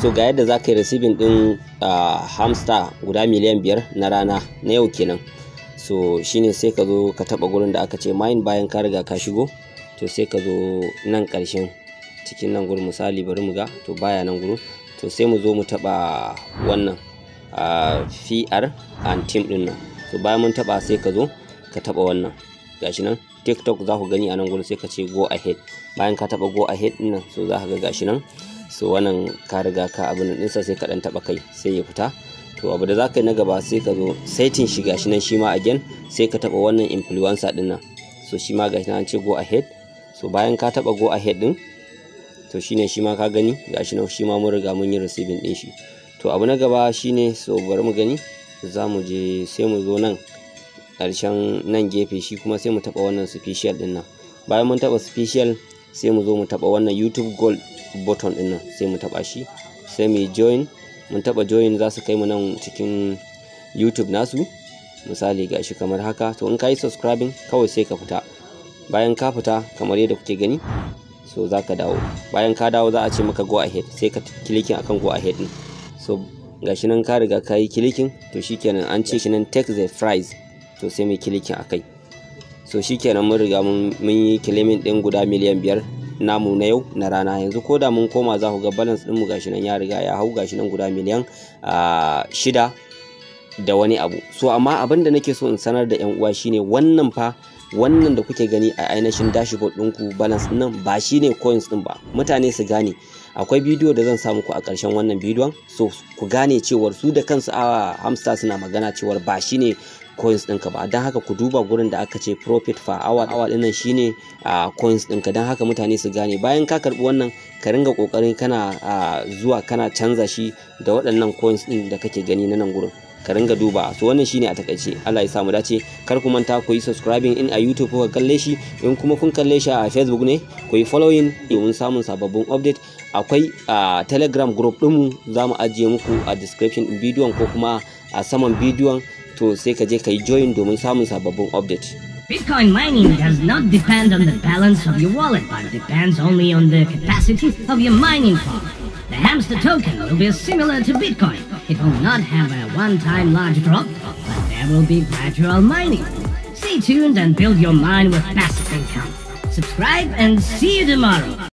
so ga yadda za ka yi receiving din hamster guda miliyan biyar na rana na yau kenan so shine sai ka zo ka taba gurin da aka ce mine bayan ka riga ka shigo to sai ka zo nan karshen cikin nan gurin misali bari mu ga to baya nan gurin to sai mu zo mu taba wannan a and team din nan to bayan mun taba sai ka zo ka taba wannan gashi nan TikTok za ku gani a nan gurin sai ka ce go ahead bayan ka taba go ahead din nan so za ka ga gashi nan so wannan ka riga ka abin dinsa sai ka dan taɓa kai sai ya fita to abu da za yi na gaba sai ka zo setting shi gashi nan shi ma again sai ka taɓa wannan influencer din nan so shi ma gashi nan an ce go ahead so bayan ka taɓa go ahead din to shine shi ma ka gani gashi nan shi ma mun riga mun yi receiving din shi to abu na gaba shine so bari mu gani za mu je sai mu zo nan ƙarshen nan gefe shi kuma sai mu taɓa wannan special din nan bayan mun taɓa special sai mu zo mu taɓa wannan youtube gold button din nan sai mu taba shi sai mu join mun taba join za su kai mu nan cikin youtube nasu misali gashi kamar haka to in ka yi subscribing kawai sai ka fita bayan ka fita kamar yadda kuke gani so za ka dawo bayan ka dawo za a ce maka go ahead sai ka kilikin akan go ahead din so gashi nan ka riga ka yi kilikin to shikenan an ce shi nan take the prize to sai mai kilikin akai so shikenan mun riga mun yi kilimin din guda miliyan biyar namu na yau na rana yanzu ko da mun koma za ku ga balance ɗinmu gashi nan ya riga ya hau gashi nan guda miliyan shida da wani abu so amma abin da nake so in sanar da yan uwa shine wannan fa wannan da kuke gani a ainihin dashboard ɗinku balance nan ba shi ne coins ɗin ba mutane su gane akwai bidiyo da zan sa muku a ƙarshen wannan bidiyon so ku gane cewar su da kansu a hamster suna magana cewar ba shine coins ɗinka ba don haka ku duba gurin da aka ce profit per hour awa dinnan shine a coins ɗinka don haka mutane su gane bayan ka karbi wannan ka ringa kokarin kana zuwa kana canza shi da waɗannan coins ɗin da kake gani na nan gurin ka ringa duba su wannan shine a takaice Allah ya sa dace kar ku manta ku yi subscribing in a YouTube ku kalle shi in kuma kun kalle shi a Facebook ne ku yi following domin samun sababbin update akwai a Telegram group ɗinmu za mu ajiye muku a description bidiyon ko kuma a saman bidiyon to sai ka je join domin samun sababbin update Bitcoin mining does not depend on the balance of your wallet, but depends only on the capacity of your mining farm. The hamster token will be similar to Bitcoin. It will not have a one-time large drop, but there will be gradual mining. Stay tuned and build your mine with passive income. Subscribe and see you tomorrow.